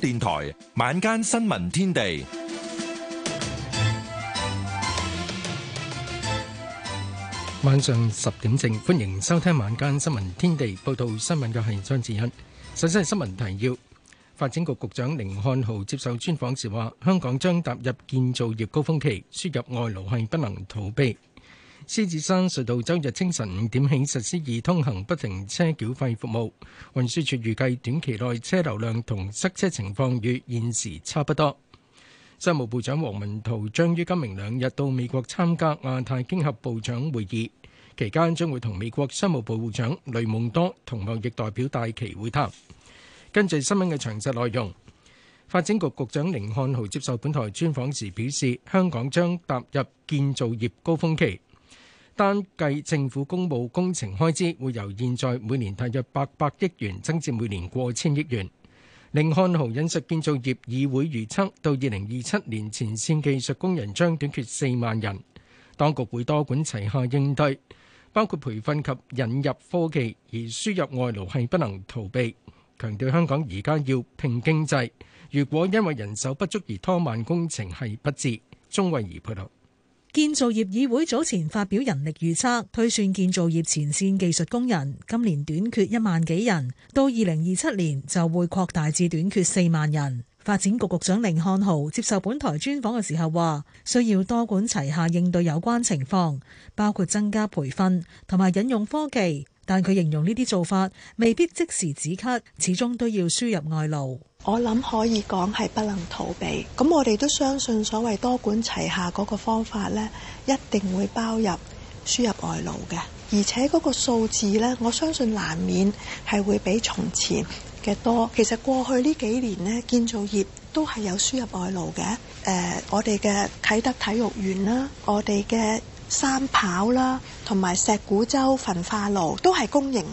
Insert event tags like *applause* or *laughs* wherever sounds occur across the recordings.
電台晚間新聞天地，晚上十點正，歡迎收聽晚間新聞天地。報道新聞嘅係張子欣。首先係新聞提要：發展局局長甯漢豪接受專訪時話，香港將踏入建造業高峰期，輸入外勞係不能逃避。獅子山隧道周日清晨五點起實施易通行不停車繳費服務。運輸署預計短期內車流量同塞車情況與現時差不多。商務部長王文濤將於今明兩日到美國參加亞太經合部長會議，期間將會同美國商務部部長雷蒙多同貿易代表戴琪會談。根據新聞嘅詳細內容，發展局局，局長甯漢豪接受本台專訪時表示，香港將踏入建造業高峰期。單計政府公務工程開支，會由現在每年大約八百億元增至每年過千億元。寧漢豪引述建造業議會預測，到二零二七年前線技術工人將短缺四萬人。當局會多管齊下應對，包括培訓及引入科技，而輸入外勞係不能逃避。強調香港而家要拼經濟，如果因為人手不足而拖慢工程係不智。鍾慧儀報道。建造業議會早前發表人力預測，推算建造業前線技術工人今年短缺一萬幾人，到二零二七年就會擴大至短缺四萬人。發展局局長凌漢豪接受本台專訪嘅時候話，需要多管齊下應對有關情況，包括增加培訓同埋引用科技。但佢形容呢啲做法未必即時止咳，始終都要輸入外勞。我諗可以講係不能逃避，咁我哋都相信所謂多管齊下嗰個方法呢，一定會包入輸入外勞嘅，而且嗰個數字呢，我相信難免係會比從前嘅多。其實過去呢幾年呢，建造業都係有輸入外勞嘅，誒、呃，我哋嘅啟德體育園啦，我哋嘅三跑啦，同埋石鼓洲焚化爐都係公營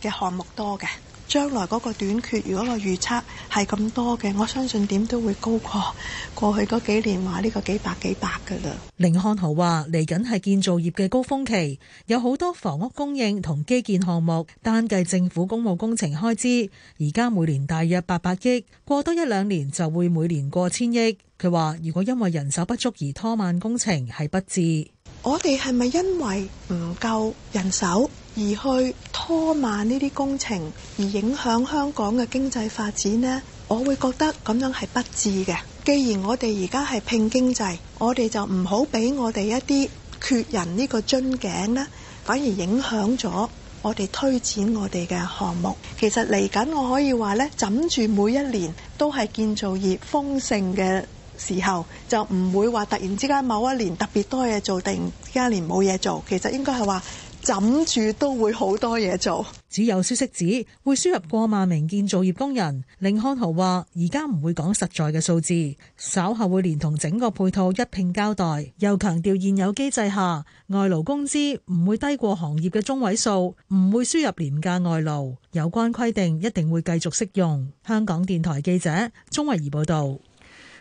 嘅項目多嘅。將來嗰個短缺，如果個預測係咁多嘅，我相信點都會高過過去嗰幾年話呢個幾百幾百㗎喇。凌漢豪話：嚟緊係建造業嘅高峰期，有好多房屋供應同基建項目，單計政府公務工程開支，而家每年大約八百億，過多一兩年就會每年過千億。佢話：如果因為人手不足而拖慢工程係不智。我哋係咪因為唔夠人手？而去拖慢呢啲工程，而影響香港嘅經濟發展咧，我會覺得咁樣係不智嘅。既然我哋而家係拼經濟，我哋就唔好俾我哋一啲缺人呢個樽頸啦，反而影響咗我哋推展我哋嘅項目。其實嚟緊我可以話咧，枕住每一年都係建造業豐盛嘅時候，就唔會話突然之間某一年特別多嘢做，定，而家一年冇嘢做。其實應該，係話。枕住都會好多嘢做。只有消息指會輸入過萬名建造業工人，甯漢豪話而家唔會講實在嘅數字，稍後會連同整個配套一併交代。又強調現有機制下，外勞工資唔會低過行業嘅中位數，唔會輸入廉價外勞。有關規定一定會繼續適用。香港電台記者鍾慧儀報道。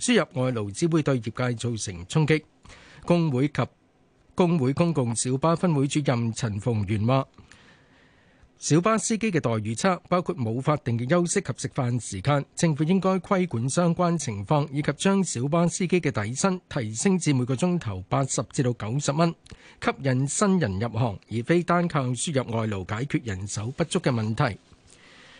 輸入外勞只會對業界造成衝擊，工會及工會公共小巴分會主任陳鳳元話：小巴司機嘅待遇差，包括冇法定嘅休息及食飯時間，政府應該規管相關情況，以及將小巴司機嘅底薪提升至每個鐘頭八十至到九十蚊，吸引新人入行，而非單靠輸入外勞解決人手不足嘅問題。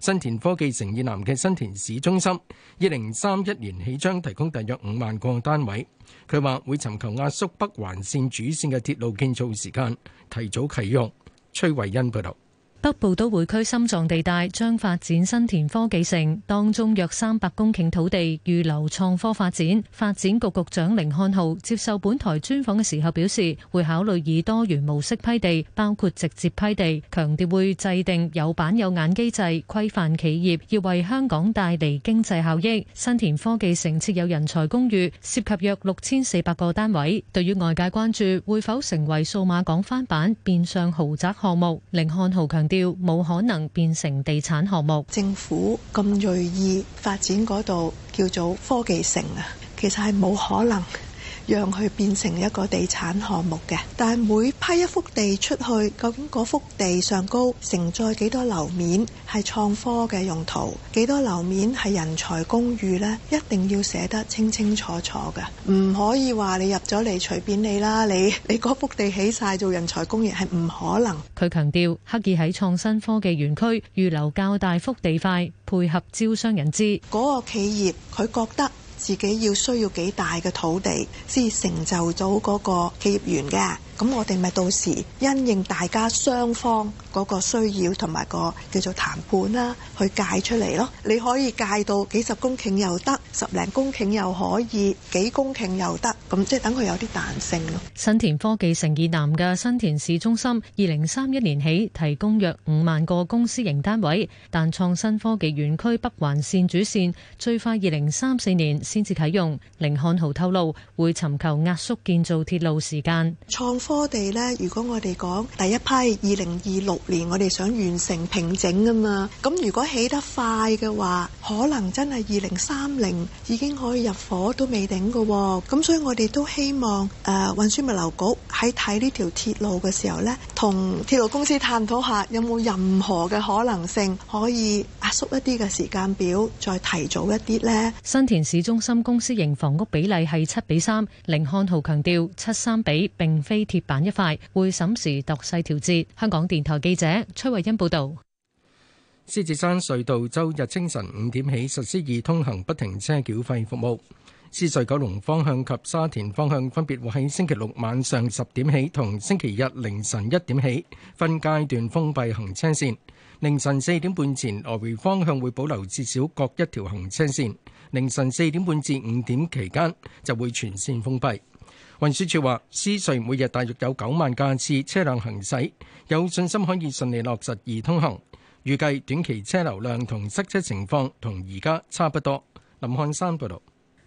新田科技城以南嘅新田市中心，二零三一年起將提供大約五萬個單位。佢話會尋求壓縮北環綫主線嘅鐵路建造時間，提早啟用。崔慧欣報道。北部都會區心臟地帶將發展新田科技城，當中約三百公頃土地預留創科發展。發展局局長凌漢豪接受本台專訪嘅時候表示，會考慮以多元模式批地，包括直接批地，強調會制定有板有眼機制，規範企業要為香港帶嚟經濟效益。新田科技城設有人才公寓，涉及約六千四百個單位。對於外界關注會否成為數碼港翻版，版、變相豪宅項目，凌漢豪強調。冇可能變成地產項目。政府咁鋭意發展嗰度叫做科技城啊，其實係冇可能。讓佢變成一個地產項目嘅，但係每批一幅地出去，究竟嗰幅地上高承載幾多樓面？係創科嘅用途，幾多樓面係人才公寓呢？一定要寫得清清楚楚嘅，唔可以話你入咗嚟隨便你啦！你你嗰幅地起晒做人才公寓係唔可能。佢強調，刻意喺創新科技園區預留較大幅地塊，配合招商引資。嗰個企業佢覺得。自己要需要幾大嘅土地先成就到嗰個企業園嘅。咁我哋咪到時因應大家雙方嗰個需要同埋個叫做談判啦，去界出嚟咯。你可以界到幾十公頃又得，十零公頃又可以，幾公頃又得，咁即係等佢有啲彈性咯。新田科技城以南嘅新田市中心，二零三一年起提供約五萬個公私營單位，但創新科技園區北環線主線最快二零三四年先至啟用。凌漢豪透露會尋求壓縮建造鐵路時間。創多地咧，如果我哋講第一批二零二六年，我哋想完成平整啊嘛。咁如果起得快嘅話，可能真係二零三零已經可以入伙都未定噶。咁所以我哋都希望誒運輸物流局喺睇呢條鐵路嘅時候呢，同鐵路公司探討下有冇任何嘅可能性可以壓、啊、縮一啲嘅時間表，再提早一啲呢。新田市中心公私營房屋比例係七比三，甯漢豪強調七三比並非。鐵板一塊，會審時度勢調節。香港電台記者崔慧欣報導。獅子山隧道周日清晨五點起實施易通行不停車繳費服務。獅隧九龍方向及沙田方向分別會喺星期六晚上十點起同星期日凌晨一點起分階段封閉行車線。凌晨四點半前來回方向會保留至少各一條行車線。凌晨四點半至五點期間就會全線封閉。運輸署話：獅隧每日大約有九萬架次車輛行駛，有信心可以順利落實而通行。預計短期車流量同塞車情況同而家差不多。林漢山報導。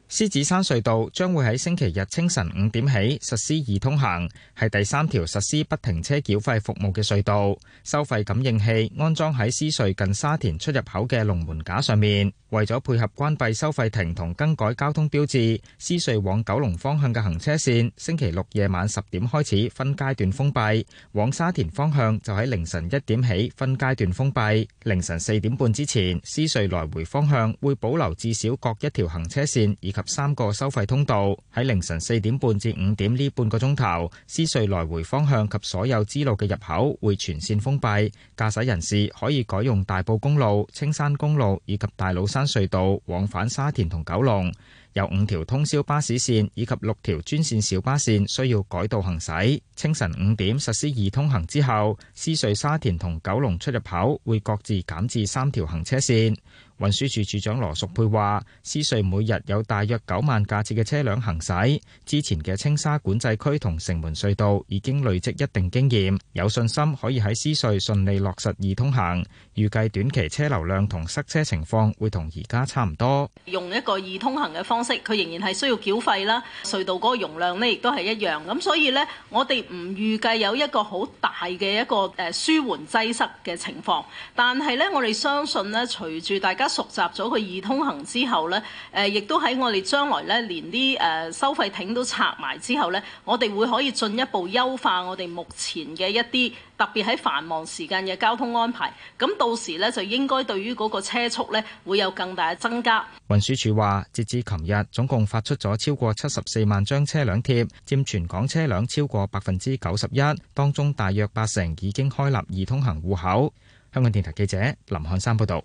獅子山隧道將會喺星期日清晨五點起實施易通行，係第三條實施不停車繳費服務嘅隧道。收費感應器安裝喺獅隧近沙田出入口嘅龍門架上面。為咗配合關閉收費亭同更改交通標誌，獅隧往九龍方向嘅行車綫，星期六夜晚十點開始分階段封閉；往沙田方向就喺凌晨一點起分階段封閉。凌晨四點半之前，獅隧來回方向會保留至少各一條行車綫，以及三個收費通道喺凌晨四點半至五點呢半個鐘頭，獅隧來回方向及所有支路嘅入口會全線封閉，駕駛人士可以改用大埔公路、青山公路以及大老山隧道往返沙田同九龍。有五條通宵巴士線以及六條專線小巴線需要改道行駛。清晨五點實施易通行之後，獅隧沙田同九龍出入口會各自減至三條行車線。運輸署署長羅淑佩話，獅隧每日有大約九萬架次嘅車輛行駛。之前嘅青沙管制區同城門隧道已經累積一定經驗，有信心可以喺獅隧順利落實易通行。預計短期車流量同塞車情況會同而家差唔多。用一個易通行嘅方式，佢仍然係需要繳費啦。隧道嗰個容量咧，亦都係一樣。咁所以咧，我哋唔預計有一個好大嘅一個誒舒緩擠塞嘅情況。但係咧，我哋相信咧，隨住大家。熟習咗佢易通行之後呢，誒，亦都喺我哋將來呢，連啲誒收費亭都拆埋之後呢，我哋會可以進一步優化我哋目前嘅一啲特別喺繁忙時間嘅交通安排。咁到時呢就應該對於嗰個車速呢會有更大嘅增加。運輸署話，截至琴日，總共發出咗超過七十四萬張車輛貼，佔全港車輛超過百分之九十一，當中大約八成已經開立易通行戶口。香港電台記者林漢山報道。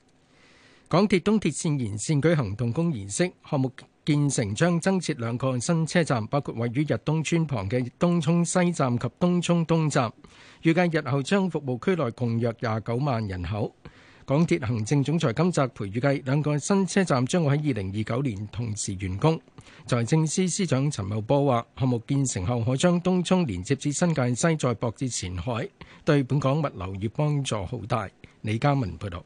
港鐵東鐵線延線舉行動工儀式，項目建成將增設兩個新車站，包括位於日東村旁嘅東涌西站及東涌東，東站。預計日後將服務區內共約廿九萬人口。港鐵行政總裁金澤培預計兩個新車站將會喺二零二九年同時完工。財政司司長陳茂波話：項目建成後可將東涌連接至新界西，再博至前海，對本港物流業幫助好大。李嘉文報導。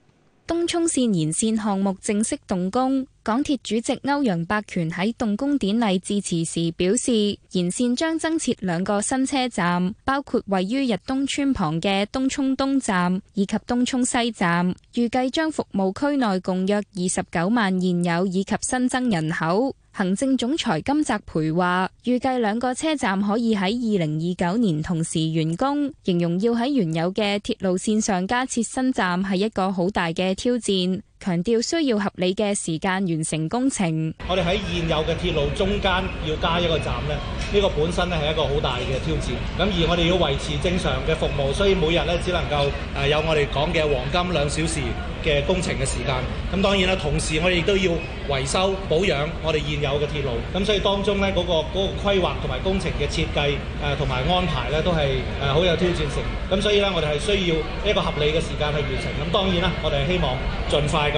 東涌綫延綫項目正式動工。港鐵主席歐陽伯權喺動工典禮致辭時表示，沿線將增設兩個新車站，包括位於日東村旁嘅東涌東站以及東涌西站，預計將服務區內共約二十九萬現有以及新增人口。行政總裁金澤培話，預計兩個車站可以喺二零二九年同時完工，形容要喺原有嘅鐵路線上加設新站係一個好大嘅挑戰。強調需要合理嘅時間完成工程。我哋喺現有嘅鐵路中間要加一個站咧，呢、呢個本身咧係一個好大嘅挑戰。咁而我哋要維持正常嘅服務，所以每日咧只能夠誒有我哋講嘅黃金兩小時嘅工程嘅時間。咁當然啦，同時我哋亦都要維修保養我哋現有嘅鐵路。咁所以當中咧、嗰個、嗰個規劃同埋工程嘅設計誒同埋安排咧都係誒好有挑戰性。咁所以咧，我哋係需要一個合理嘅時間去完成。咁當然啦，我哋係希望盡快。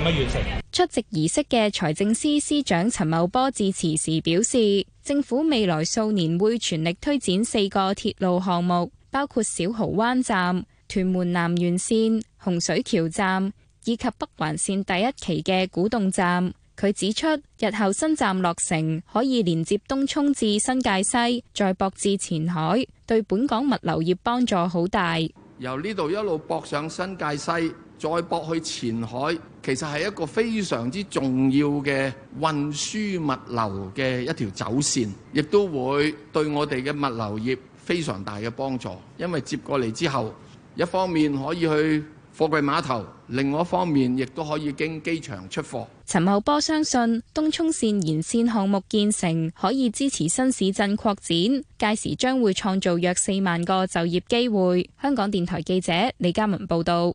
出席儀式嘅財政司司長陳茂波致辭時表示，政府未來數年會全力推展四個鐵路項目，包括小豪灣站、屯門南綫、洪水橋站以及北環線第一期嘅古洞站。佢指出，日後新站落成可以連接東涌至新界西，再駁至前海，對本港物流業幫助好大。由呢度一路駁上新界西。再駁去前海，其實，係一個非常之重要嘅運輸物流嘅一條走線，亦都會對我哋嘅物流業非常大嘅幫助。因為接過嚟之後，一方面可以去貨櫃碼頭，另外一方面亦都可以經機場出貨。陳茂波相信東涌線延伸項目建成可以支持新市鎮擴展，屆時將會創造約四萬個就業機會。香港電台記者李嘉文報道。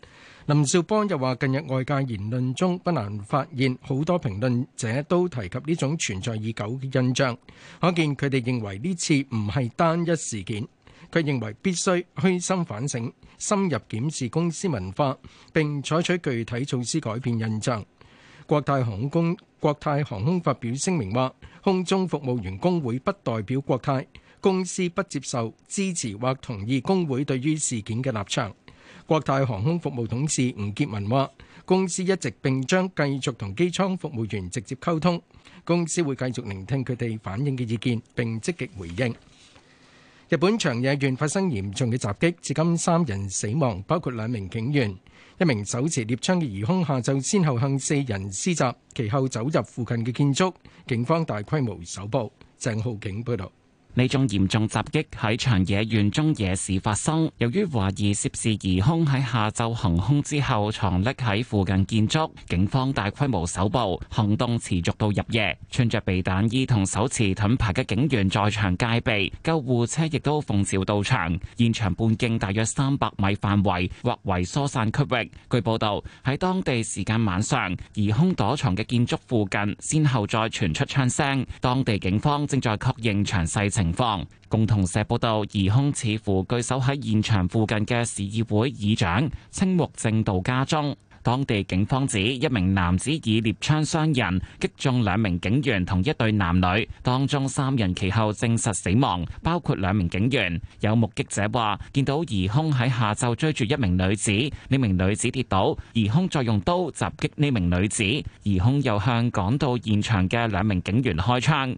林紹波又話：近日外界言論中不難發現，好多評論者都提及呢種存在已久嘅印象，可見佢哋認為呢次唔係單一事件，佢認為必須虛心反省、深入檢視公司文化，並採取具體措施改變印象。國泰航空國泰航空發表聲明話：空中服務員工會不代表國泰公司，不接受支持或同意工會對於事件嘅立場。國泰航空服務董事吳潔文話：公司一直並將繼續同機艙服務員直接溝通，公司會繼續聆聽佢哋反映嘅意見，並積極回應。日本長野縣發生嚴重嘅襲擊，至今三人死亡，包括兩名警員，一名手持獵槍嘅疑凶下晝先後向四人施襲，其後走入附近嘅建築，警方大規模搜捕。鄭浩景報道。呢宗嚴重襲擊喺長野縣中野市發生，由於懷疑涉事疑兇喺下晝行兇之後藏匿喺附近建築，警方大規模搜捕行動持續到入夜。穿著避彈衣同手持盾牌嘅警員在場戒備，救護車亦都奉召到場。現場半徑大約三百米範圍劃為疏散區域。據報道，喺當地時間晚上，疑兇躲藏嘅建築附近，先後再傳出槍聲。當地警方正在確認詳細情情況，共同社報道，疑兇似乎據守喺現場附近嘅市議會議長青木正道家中。當地警方指，一名男子以獵槍傷人，擊中兩名警員同一對男女，當中三人其後證實死亡，包括兩名警員。有目擊者話，見到疑兇喺下晝追住一名女子，呢名女子跌倒，疑兇再用刀襲擊呢名女子，疑兇又向趕到現場嘅兩名警員開槍。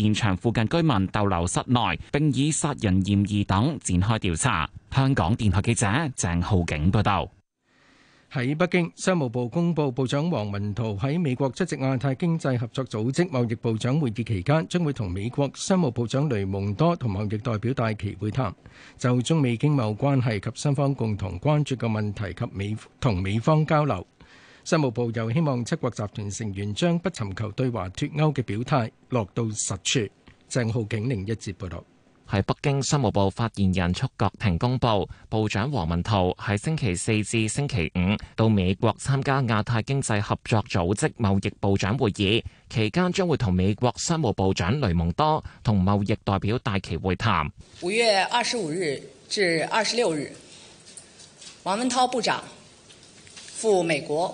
現場附近居民逗留室內，並以殺人嫌疑等展開調查。香港電台記者鄭浩景報道。喺北京，商務部公布部長王文濤喺美國出席亞太經濟合作組織貿易部長會議期間，將會同美國商務部長雷蒙多同貿易代表戴琪會談，就中美經貿關係及雙方共同關注嘅問題及美同美方交流。商務部又希望七國集團成員將不尋求對華脫歐嘅表態落到實處。鄭浩景玲一節報道。喺北京，商務部發言人束珏婷公布，部長王文濤喺星期四至星期五到美國參加亞太經濟合作組織貿易部長會議，期間將會同美國商務部長雷蒙多同貿易代表戴琪會談。五月二十五日至二十六日，王文濤部長赴美國。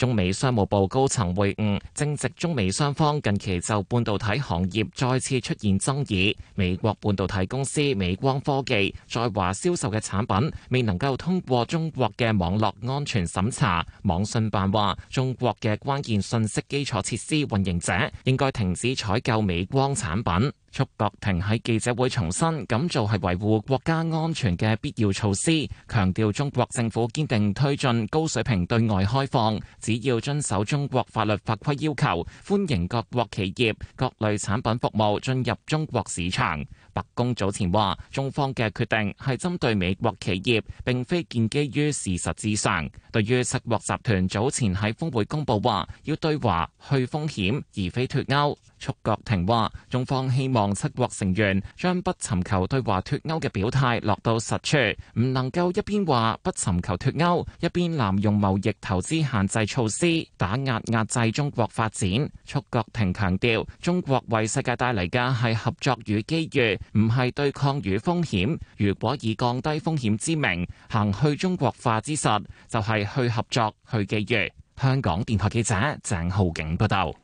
中美商務部高層會晤，正值中美雙方近期就半導體行業再次出現爭議。美國半導體公司美光科技在華銷售嘅產品未能夠通過中國嘅網絡安全審查，網信辦話中國嘅關鍵信息基礎設施運營者應該停止採購美光產品。束國廷喺記者會重申，咁做係維護國家安全嘅必要措施，強調中國政府堅定推進高水平對外開放，只要遵守中國法律法規要求，歡迎各國企業各類產品服務進入中國市場。白宮早前話，中方嘅決定係針對美國企業，並非建基於事實之上。對於七國集團早前喺峰會公布話要對華去風險，而非脫鈎，束國庭話，中方希望七國成員將不尋求對華脫鈎嘅表態落到實處，唔能夠一邊話不尋求脫鈎，一邊濫用貿易投資限制措施打壓壓制中國發展。束國庭強調，中國為世界帶嚟嘅係合作與機遇。唔係對抗與風險，如果以降低風險之名行去中國化之實，就係、是、去合作去寄覦。香港電台記者鄭浩景報道。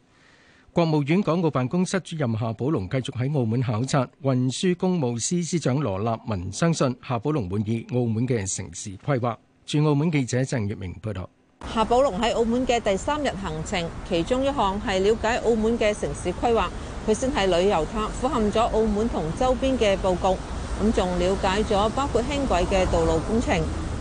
國務院港澳辦公室主任夏寶龍繼續喺澳門考察。運輸工務司司長羅立文相信夏寶龍滿意澳門嘅城市規劃。駐澳門記者鄭月明報道。夏寶龍喺澳門嘅第三日行程，其中一項係了解澳門嘅城市規劃，佢先係旅遊塔，俯瞰咗澳門同周邊嘅布局，咁仲了解咗包括輕軌嘅道路工程，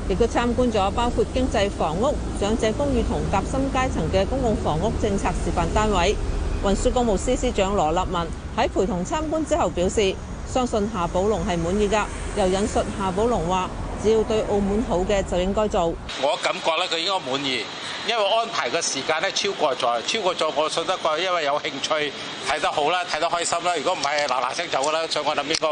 亦都參觀咗包括經濟房屋、長者公寓同夾心階層嘅公共房屋政策示範單位。運輸公務司司長羅立文喺陪同參觀之後表示，相信夏寶龍係滿意㗎。又引述夏寶龍話：要對澳門好嘅就應該做。我感覺咧，佢應該滿意，因為安排嘅時間咧超過咗，超過咗我信得過，因為有興趣睇得好啦，睇得開心啦。如果唔係，嗱嗱聲走啦，所以我諗呢個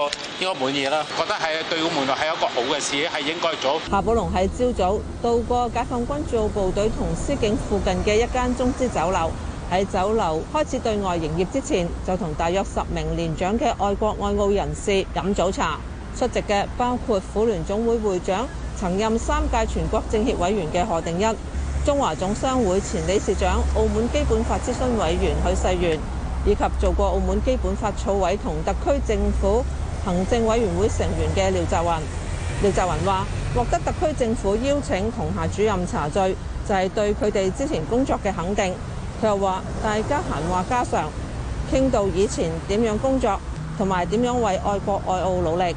應該滿意啦，覺得係對澳門係一個好嘅事，係應該做。夏寶龍喺朝早到過解放軍駐澳部隊同司警附近嘅一間中資酒樓，喺酒樓開始對外營業之前，就同大約十名年長嘅愛國愛澳人士飲早茶。出席嘅包括婦聯總會會長、曾任三屆全國政協委員嘅賀定一、中華總商會前理事長、澳門基本法諮詢委員許世元，以及做過澳門基本法草委同特區政府行政委員會成員嘅廖澤雲。廖澤雲話：獲得特區政府邀請同下主任茶敘就係、是、對佢哋之前工作嘅肯定。佢又話：大家閒話家常，傾到以前點樣工作。同埋點樣為愛國愛澳努力。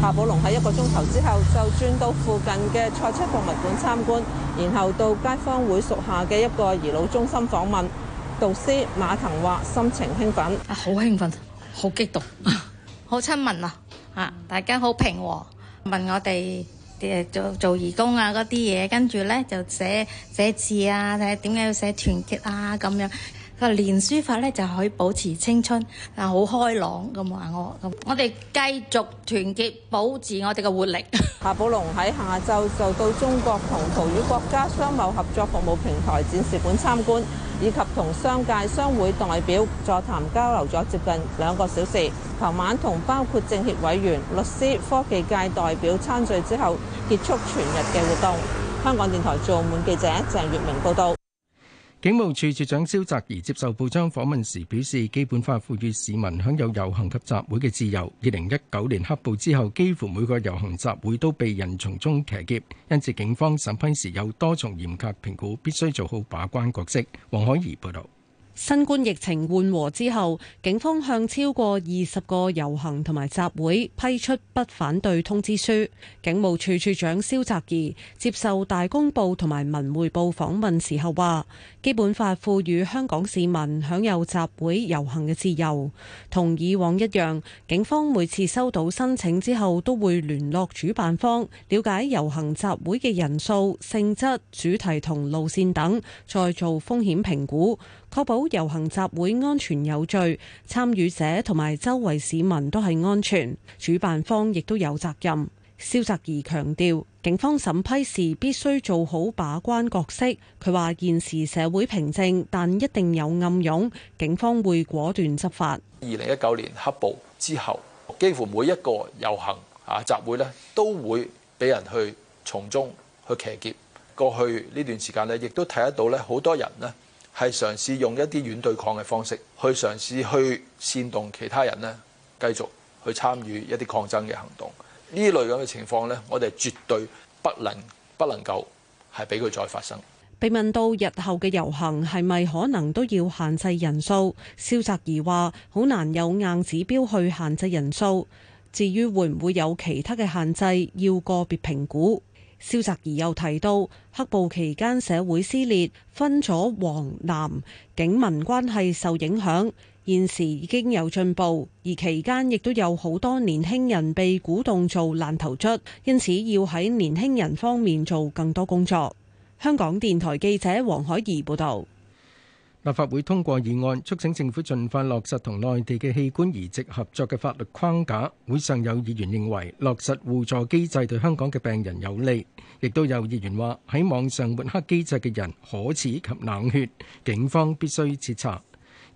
夏寶龍喺一個鐘頭之後就轉到附近嘅賽車博物館參觀，然後到街坊會屬下嘅一個兒老中心訪問。導師馬騰話心情興奮，啊，好興奮，好激動， *laughs* 好親民啊！嚇、啊，大家好平和，問我哋做做義工啊嗰啲嘢，跟住呢，就寫寫字啊，睇下點解要寫團結啊咁樣。佢練書法咧，就可以保持青春，啊好開朗咁話我。我哋繼續團結，保持我哋嘅活力。夏寶龍喺下晝就到中國同葡語國家商貿合作服務平台展示館參觀，以及同商界、商會代表座談交流咗接近兩個小時。琴晚同包括政協委員、律師、科技界代表參聚之後，結束全日嘅活動。香港電台駐澳門記者鄭月明報道。警務處處長蕭澤頤接受報章訪問時表示，基本法賦予市民享有遊行及集會嘅自由。二零一九年黑暴之後，幾乎每個遊行集會都被人從中騎劫，因此警方審批時有多重嚴格評估，必須做好把關角色。黃海怡報道。新冠疫情緩和之後，警方向超過二十個遊行同埋集會批出不反對通知書，警務處處長蕭澤頤接受《大公報》同埋《文匯報》訪問時候話，基本法賦予香港市民享有集會遊行嘅自由，同以往一樣，警方每次收到申請之後都會聯絡主辦方，了解遊行集會嘅人數、性質、主題同路線等，再做風險評估。確保遊行集會安全有序，參與者同埋周圍市民都係安全，主辦方亦都有責任。蕭澤頤強調，警方審批時必須做好把關角色。佢話：現時社會平靜，但一定有暗湧，警方會果斷執法。二零一九年黑暴之後，幾乎每一個遊行啊集會咧都會俾人去從中去騎劫。過去呢段時間咧，亦都睇得到呢好多人咧。係嘗試用一啲軟對抗嘅方式，去嘗試去煽動其他人咧，繼續去參與一啲抗爭嘅行動。呢類咁嘅情況呢，我哋絕對不能不能夠係俾佢再發生。被問到日後嘅遊行係咪可能都要限制人數，蕭澤怡話：好難有硬指標去限制人數。至於會唔會有其他嘅限制，要個別評估。蕭澤怡又提到，黑暴期間社會撕裂，分咗黃藍，警民關係受影響。現時已經有進步，而期間亦都有好多年輕人被鼓動做爛頭卒，因此要喺年輕人方面做更多工作。香港電台記者黃海怡報道。立法會通過議案，促請政府盡快落實同內地嘅器官移植合作嘅法律框架。會上有議員認為落實互助機制對香港嘅病人有利，亦都有議員話喺網上抹黑機制嘅人可恥及冷血，警方必須徹查。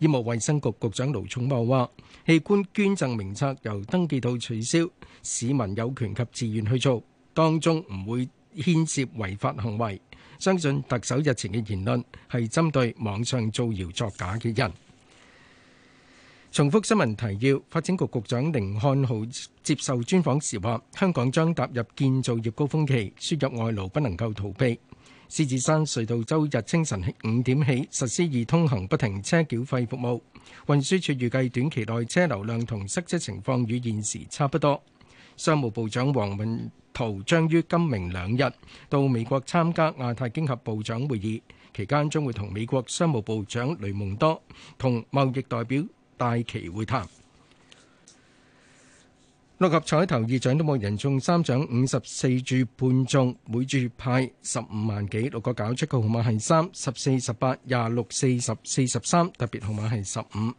醫務衛生局局長盧寵茂話：器官捐贈名冊由登記到取消，市民有權及自願去做，當中唔會牽涉違法行為。相信特首日前嘅言論係針對網上造謠作假嘅人。重複新聞提要，發展局局長甯漢豪接受專訪時話：香港將踏入建造業高峰期，輸入外勞不能夠逃避。獅子山隧道週日清晨五點起實施易通行不停車繳費服務，運輸署預計短期內車流量同塞車情況與現時差不多。商務部長王文濤將於今明兩日到美國參加亞太經合部長會議，期間將會同美國商務部長雷蒙多同貿易代表戴琪會談。六合彩頭二獎都冇人中，三獎五十四注半中，每注派十五萬幾。六個攪出嘅號碼係三、十四、十八、廿六、四十、四十三，特別號碼係十五。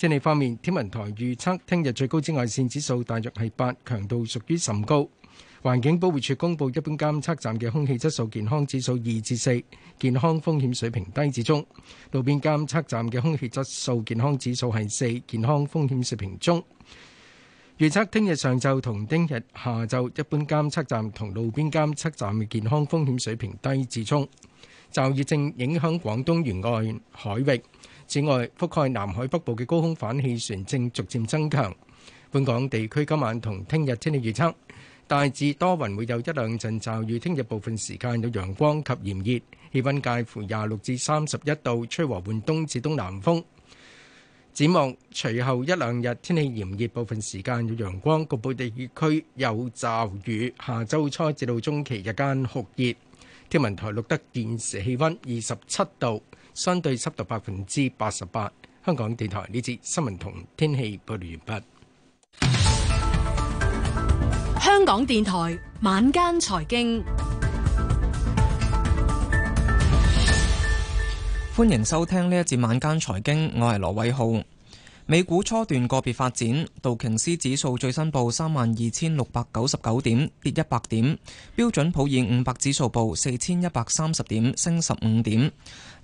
天氣方面，天文台預測聽日最高紫外線指數大約係八，強度屬於甚高。環境保護署公布一般監測站嘅空氣質素健康指數二至四，健康風險水平低至中；路邊監測站嘅空氣質素健康指數係四，健康風險水平中。預測聽日上晝同聽日下晝，一般監測站同路邊監測站嘅健康風險水平低至中。驟熱正影響廣東沿岸海域。此外，覆蓋南海北部嘅高空反氣旋正逐漸增強，本港地區今晚同聽日天氣預測大致多雲會有一兩陣驟雨。聽日部分時間有陽光及炎熱，氣温介乎廿六至三十一度，吹和緩東至東南風。展望隨後一兩日天氣炎熱部分時間有陽光，局部地區有驟雨。下周初至到中期日間酷熱。天文台錄得現時氣温二十七度。相對濕度百分之八十八。香港電台呢節新聞同天氣報道完畢。香港電台晚間財經，歡迎收聽呢一節晚間財經，我係羅偉浩。美股初段個別發展，道瓊斯指數最新報三萬二千六百九十九點，跌一百點。標準普爾五百指數報四千一百三十點，升十五點。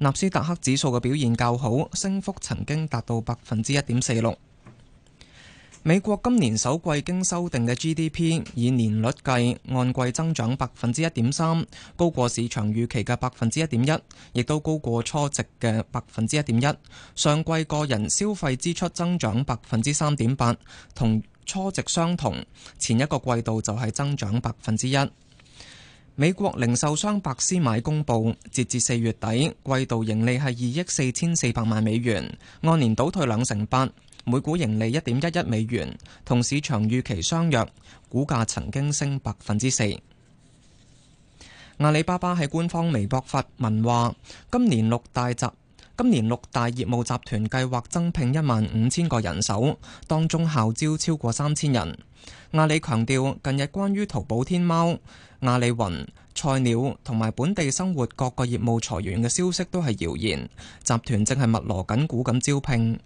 納斯達克指數嘅表現較好，升幅曾經達到百分之一點四六。美國今年首季經修訂嘅 GDP 以年率計，按季增長百分之一點三，高過市場預期嘅百分之一點一，亦都高過初值嘅百分之一點一。上季個人消費支出增長百分之三點八，同初值相同。前一個季度就係增長百分之一。美國零售商百思買公佈，截至四月底季度盈利係二億四千四百萬美元，按年倒退兩成八。每股盈利一點一一美元，同市場預期相若，股價曾經升百分之四。阿里巴巴喺官方微博發文話，今年六大集，今年六大業務集團計劃增聘一萬五千個人手，當中校招超過三千人。阿里強調，近日關於淘寶、天貓、阿里雲、菜鳥同埋本地生活各個業務裁員嘅消息都係謠言，集團正係密鑼緊鼓咁招聘。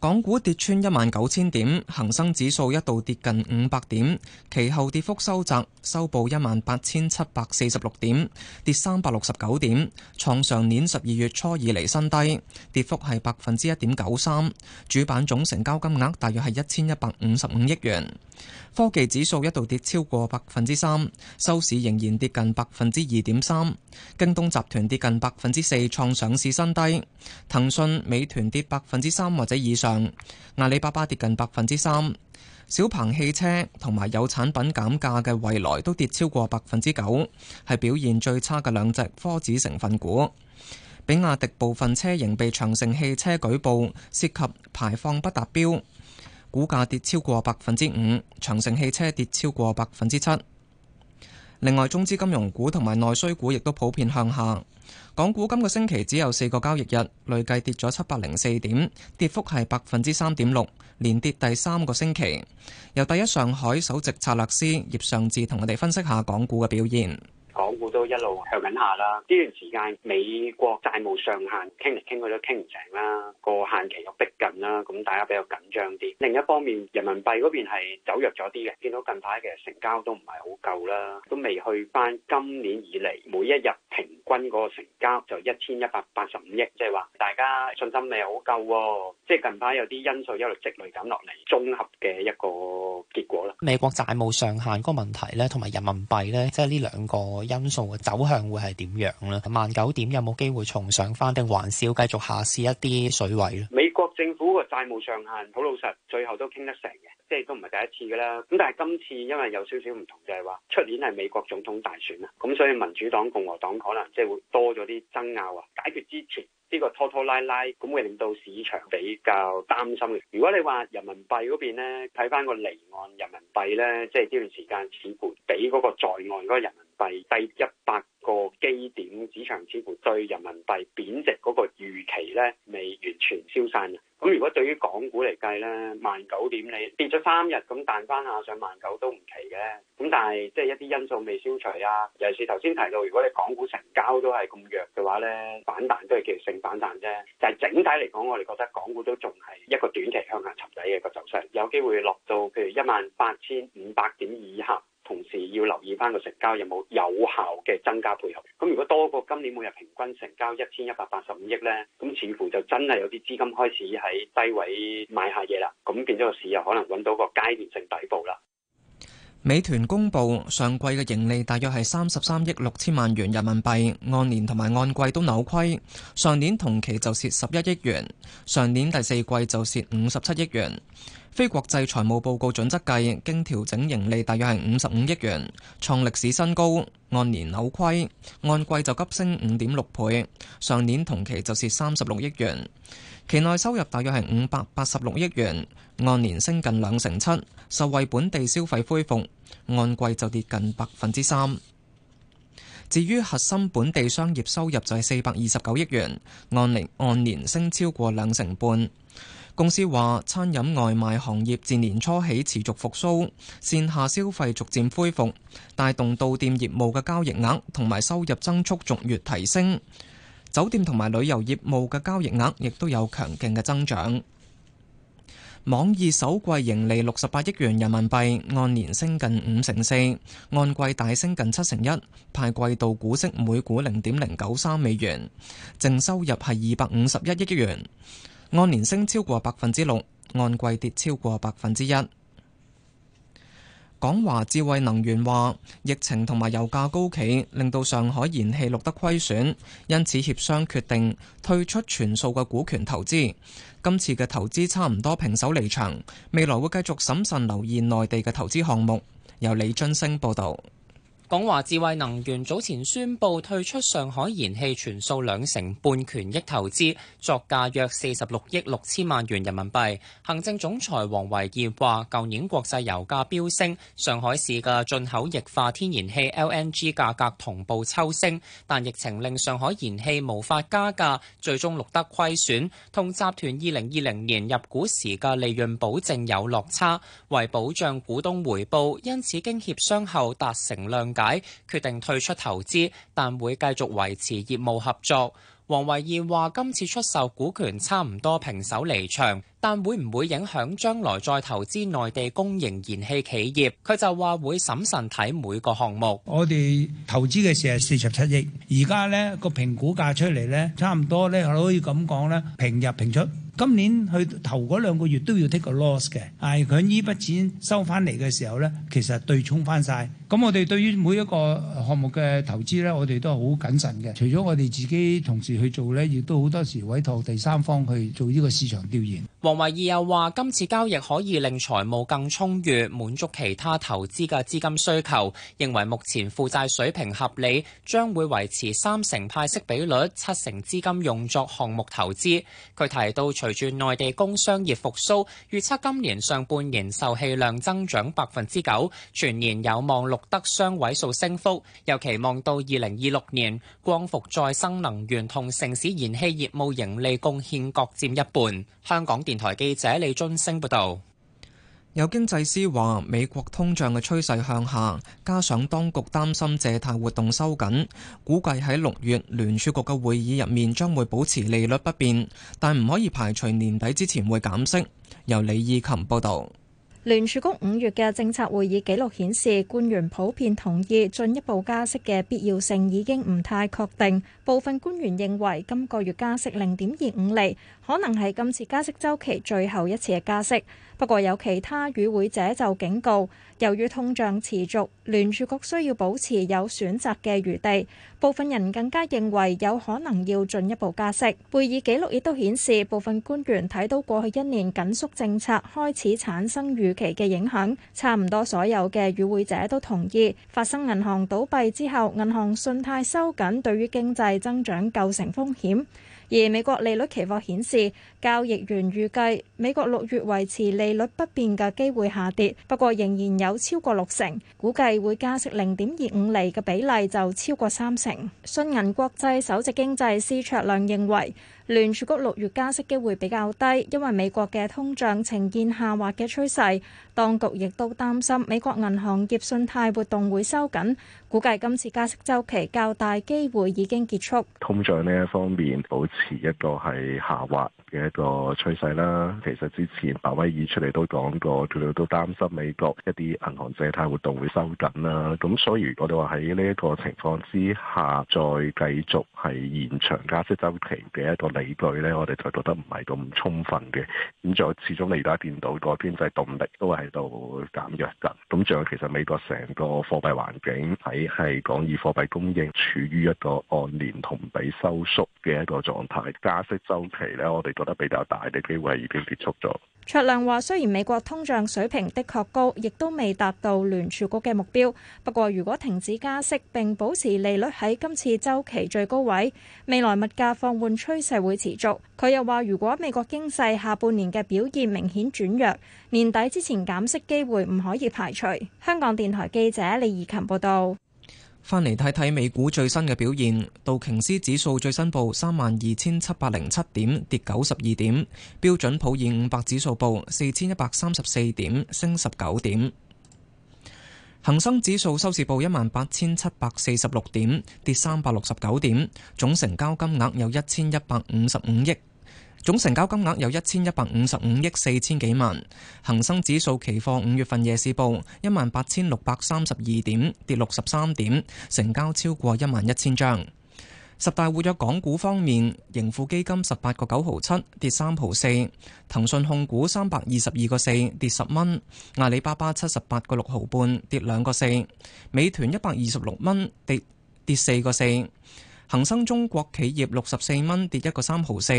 港股跌穿一萬九千點，恒生指數一度跌近五百點，其後跌幅收窄，收報一萬八千七百四十六點，跌三百六十九點，創上年十二月初以嚟新低，跌幅係百分之一點九三。主板總成交金額大約係一千一百五十五億元。科技指數一度跌超過百分之三，收市仍然跌近百分之二點三。京東集團跌近百分之四，創上市新低；騰訊、美團跌百分之三或者以上；阿里巴巴跌近百分之三；小鵬汽車同埋有產品減價嘅蔚來都跌超過百分之九，係表現最差嘅兩隻科指成分股。比亞迪部分車型被長城汽車舉報，涉及排放不達標，股價跌超過百分之五；長城汽車跌超過百分之七。另外，中資金融股同埋內需股亦都普遍向下。港股今個星期只有四個交易日，累計跌咗七百零四點，跌幅係百分之三點六，連跌第三個星期。由第一上海首席策略師葉尚志同我哋分析下港股嘅表現。港股都一路向緊下啦，呢段時間美國債務上限傾嚟傾去都傾唔成啦，個限期又逼近啦，咁大家比較緊張啲。另一方面，人民幣嗰邊係走弱咗啲嘅，見到近排其實成交都唔係好夠啦，都未去翻今年以嚟每一日。平均嗰個成交就一千一百八十五億，即係話大家信心未好夠，即係近排有啲因素一路積累緊落嚟，綜合嘅一個結果啦。美國債務上限嗰個問題咧，同埋人民幣咧，即係呢兩個因素嘅走向會係點樣咧？萬九點有冇機會重上翻，定還是要繼續下試一啲水位咧？美國政府個債務上限好老實，最後都傾得成。即係都唔係第一次㗎啦，咁但係今次因為有少少唔同就，就係話出年係美國總統大選啊，咁所以民主黨共和黨可能即係會多咗啲爭拗啊，解決之前呢、呢個拖拖拉拉，咁會令到市場比較擔心嘅。如果你話人民幣嗰邊呢，睇翻個離岸人民幣呢，即係呢段時間似乎比嗰個在岸嗰個人民。第一百個基點，市場似乎對人民幣貶值嗰個預期咧，未完全消散啊。咁如果對於港股嚟計咧，萬九點你跌咗三日咁彈翻下上萬九都唔奇嘅。咁但係即係一啲因素未消除啊，尤其是頭先提到，如果你港股成交都係咁弱嘅話咧，反彈都係叫性反彈啫。就係、是、整體嚟講，我哋覺得港股都仲係一個短期向下沉底嘅一個走勢，有機會落到譬如一萬八千五百點以下。同時要留意返個成交有冇有效嘅增加配合，咁如果多過今年每日平均成交一千一百八十五億呢，咁似乎就真係有啲資金開始喺低位買下嘢啦，咁變咗個市又可能揾到個階段性底部啦。美團公佈上季嘅盈利大約係三十三億六千萬元人民幣，按年同埋按季都扭虧，上年同期就蝕十一億元，上年第四季就蝕五十七億元。非國際財務報告準則計，經調整盈利大約係五十五億元，創歷史新高，按年扭虧，按季就急升五點六倍。上年同期就是三十六億元，期內收入大約係五百八十六億元，按年升近兩成七，受惠本地消費恢復，按季就跌近百分之三。至於核心本地商業收入就係四百二十九億元，按年按年升超過兩成半。公司話：餐飲外賣行業自年初起持續復甦，線下消費逐漸恢復，帶動到店業務嘅交易額同埋收入增速逐月提升。酒店同埋旅遊業務嘅交易額亦都有強勁嘅增長。網易首季盈利六十八億元人民幣，按年升近五成四，按季大升近七成一，派季度股息息每股零點零九三美元，淨收入係二百五十一億元。按年升超過百分之六，按季跌超過百分之一。港華智慧能源話：疫情同埋油價高企，令到上海燃氣錄得虧損，因此協商決定退出全數嘅股權投資。今次嘅投資差唔多平手離場，未來會繼續審慎留意內地嘅投資項目。由李津升報導。港華智慧能源早前宣布退出上海燃氣全數兩成半權益投資，作價約四十六億六千萬元人民幣。行政總裁黃維義話，舊年國際油價飆升，上海市嘅進口液化天然氣 （LNG） 價格同步抽升，但疫情令上海燃氣無法加價，最終錄得虧損，同集團二零二零年入股時嘅利潤保證有落差，為保障股東回報，因此經協商後達成量。解決定退出投資，但會繼續維持業務合作。王維健話，今次出售股權差唔多平手離場。但會唔會影響將來再投資內地公營燃氣企業，佢就話會審慎睇每個項目。我哋投資嘅時係四十七億，而家咧個評估價出嚟咧，差唔多咧可以咁講咧，平入平出。今年去頭嗰兩個月都要 take a loss 嘅，係佢呢筆錢收翻嚟嘅時候咧，其實對沖翻晒。咁我哋對於每一個項目嘅投資咧，我哋都係好謹慎嘅。除咗我哋自己同時去做咧，亦都好多時委託第三方去做呢個市場調研。王慧意又話：今次交易可以令財務更充裕，滿足其他投資嘅資金需求。認為目前負債水平合理，將會維持三成派息比率，七成資金用作項目投資。佢提到，隨住內地工商業復甦，預測今年上半年售氣量增長百分之九，全年有望錄得雙位數升幅。又期望到二零二六年，光伏再生能源同城市燃氣業務盈利貢獻各佔一半。香港電台記者李俊升報道，有經濟師話，美國通脹嘅趨勢向下，加上當局擔心借貸活動收緊，估計喺六月聯儲局嘅會議入面將會保持利率不變，但唔可以排除年底之前會減息。由李義琴報道。聯儲局五月嘅政策會議記錄顯示，官員普遍同意進一步加息嘅必要性已經唔太確定。部分官員認為，今個月加息零點二五厘，可能係今次加息週期最後一次嘅加息。不過有其他與會者就警告，由於通脹持續，聯儲局需要保持有選擇嘅餘地。部分人更加認為有可能要進一步加息。會議紀錄亦都顯示，部分官員睇到過去一年緊縮政策開始產生預期嘅影響。差唔多所有嘅與會者都同意，發生銀行倒閉之後，銀行信貸收緊對於經濟增長構成風險。而美國利率期貨顯示，交易員預計美國六月維持利率不變嘅機會下跌，不過仍然有超過六成，估計會加息零點二五厘嘅比例就超過三成。信銀國際首席經濟師卓亮認為。聯儲局六月加息機會比較低，因為美國嘅通脹呈現下滑嘅趨勢，當局亦都擔心美國銀行業信貸活動會收緊，估計今次加息周期較大機會已經結束。通脹呢一方面保持一個係下滑嘅一個趨勢啦，其實之前鮑威爾出嚟都講過，佢哋都擔心美國一啲銀行借貸活動會收緊啦。咁所以，我哋話喺呢一個情況之下，再繼續係延長加息周期嘅一個理據咧，我哋就覺得唔係咁充分嘅。咁仲有始終你而家見到個經濟動力都喺度減弱緊。咁仲有其實美國成個貨幣環境喺係講以貨幣供應處於一個按年同比收縮嘅一個狀態，加息周期咧，我哋。覺得比較大的機會已經結束咗。卓亮話：雖然美國通脹水平的確高，亦都未達到聯儲局嘅目標。不過，如果停止加息並保持利率喺今次週期最高位，未來物價放緩趨勢會持續。佢又話：如果美國經濟下半年嘅表現明顯轉弱，年底之前減息機會唔可以排除。香港電台記者李怡琴報道。翻嚟睇睇美股最新嘅表現，道瓊斯指數最新報三萬二千七百零七點，跌九十二點；標準普爾五百指數報四千一百三十四點，升十九點；恒生指數收市報一萬八千七百四十六點，跌三百六十九點，總成交金額有一千一百五十五億。總成交金額有一千一百五十五億四千幾萬。恒生指數期貨五月份夜市報一萬八千六百三十二點，跌六十三點，成交超過一萬一千張。十大活躍港股方面，盈富基金十八個九毫七，跌三毫四；騰訊控股三百二十二個四，跌十蚊；阿里巴巴七十八個六毫半，跌兩個四；美團一百二十六蚊，跌跌四個四；恒生中國企業六十四蚊，跌一個三毫四。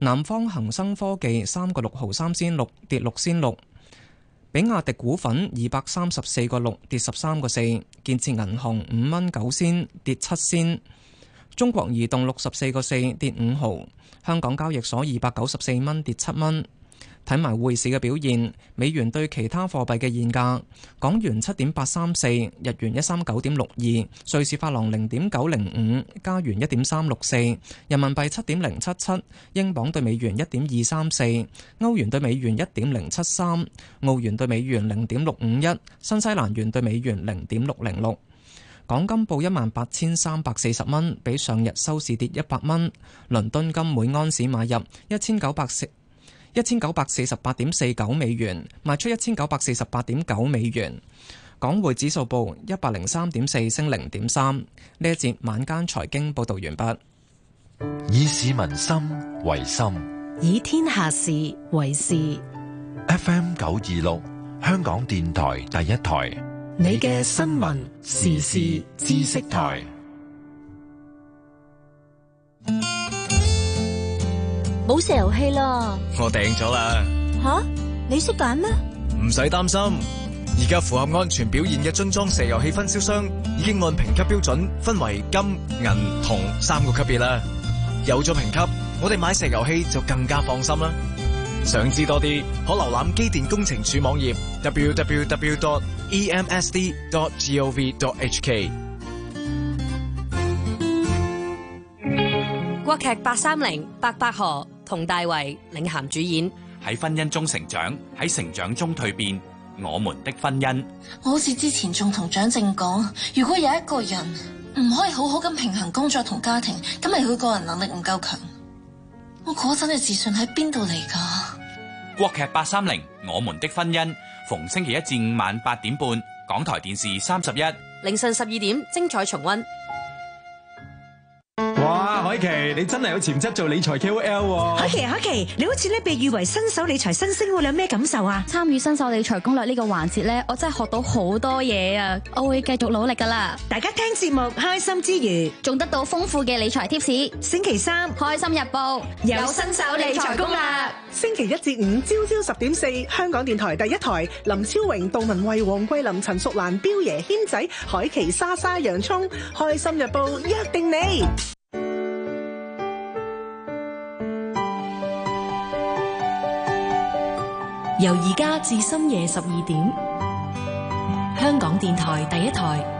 南方恒生科技三個六毫三仙六，跌六仙六，比亞迪股份二百三十四個六，跌十三個四，建設銀行五蚊九仙，跌七仙，中國移動六十四個四，跌五毫，香港交易所二百九十四蚊，跌七蚊。睇埋匯市嘅表現，美元對其他貨幣嘅現價，港元七點八三四，日元一三九點六二，瑞士法郎零點九零五，加元一點三六四，人民幣七點零七七，英鎊對美元一點二三四，歐元對美元一點零七三，澳元對美元零點六五一，新西蘭元對美元零點六零六。港金報一萬八千三百四十蚊，比上日收市跌一百蚊。倫敦金每安士買入一千九百四一千九百四十八點四九美元，賣出一千九百四十八點九美元。港匯指數報一百零三點四，升零點三。呢一節晚間財經報道完畢。以市民心為心，以天下事為事。FM 九二六，香港電台第一台，你嘅新聞時事知識台。嗯冇石油氣啦，我訂咗啦。吓，你識揀咩？唔使擔心，而家符合安全表現嘅樽裝石油氣分銷商已經按評級標準分為金、銀、銅三個級別啦。有咗評級，我哋買石油氣就更加放心啦。想知多啲，可瀏覽機電工程署網頁 www.emsd.gov.hk。國劇八三零八八號。佟大為領銜主演，喺婚姻中成長，喺成長中蛻變。我們的婚姻。我好似之前仲同蔣正講，如果有一個人唔可以好好咁平衡工作同家庭，咁咪佢個人能力唔夠強。我嗰陣嘅自信喺邊度嚟噶？國劇八三零《我們的婚姻》，逢星期一至五晚八點半，港台電視三十一，凌晨十二點精彩重溫。琪，你真係有潛質做理財 K O L 啊。海琪，海琪，你好似咧被譽為新手理財新星，你有咩感受啊？參與新手理財攻略呢個環節咧，我真係學到好多嘢啊！我會繼續努力噶啦。大家聽節目開心之餘，仲得到豐富嘅理財 t 士。星期三開心日報有新手理財攻略。星期一至五朝朝十點四，香港電台第一台，林超榮、杜文慧、黃桂林、陳淑蘭、彪爺、軒仔、海琪、莎莎、洋蔥，開心日報約定你。由而家至深夜十二點，香港電台第一台。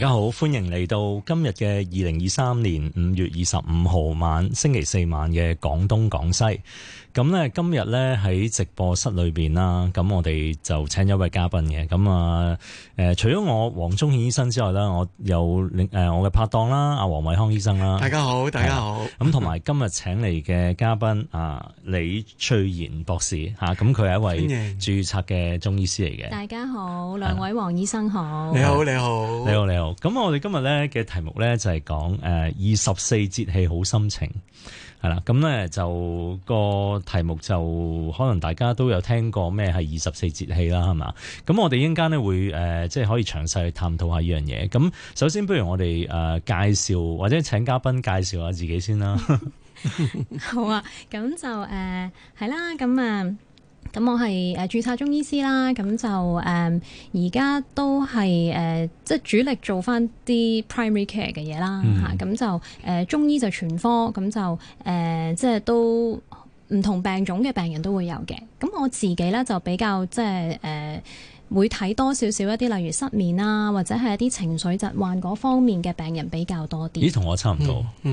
大家好，歡迎嚟到今日嘅二零二三年五月二十五號晚，星期四晚嘅廣東廣西。咁咧今日咧喺直播室裏邊啦，咁我哋就請咗一位嘉賓嘅。咁啊，誒，除咗我黃忠憲醫生之外咧，我有誒我嘅拍檔啦，阿黃偉康醫生啦。大家好，大家好。咁同埋今日請嚟嘅嘉賓啊， *laughs* 李翠賢博士吓，咁佢係一位注冊嘅中醫師嚟嘅。大家好，兩位黃醫生好。你好，你好，你好，你好。咁我哋今日咧嘅題目咧就係講誒二十四節氣好心情係啦，咁咧就，個題目就可能大家都有聽過，咩係二十四節氣啦，係嘛？咁我哋一陣間咧會誒，呃，即係可以詳細去探討下呢樣嘢。咁首先，不如我哋誒，呃，介紹或者請嘉賓介紹下自己先啦。 *laughs* *laughs* 好啊，咁就誒係，呃，啦，咁啊。咁我係誒註冊中醫師啦，咁就誒而家都係誒、呃、即係主力做翻啲 primary care 嘅嘢啦，吓，咁就誒中醫就全科，咁就誒、呃、即係都唔同病種嘅病人都會有嘅。咁我自己咧就比較即係誒、呃、會睇多少少一啲，例如失眠啦，或者係一啲情緒疾患嗰方面嘅病人比較多啲。咦，同我差唔多、嗯。